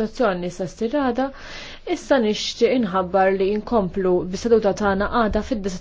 votazzjoni sa stirada, issa nixtieq inħabbar li inkomplu bis-seduta tagħna għada fid-disa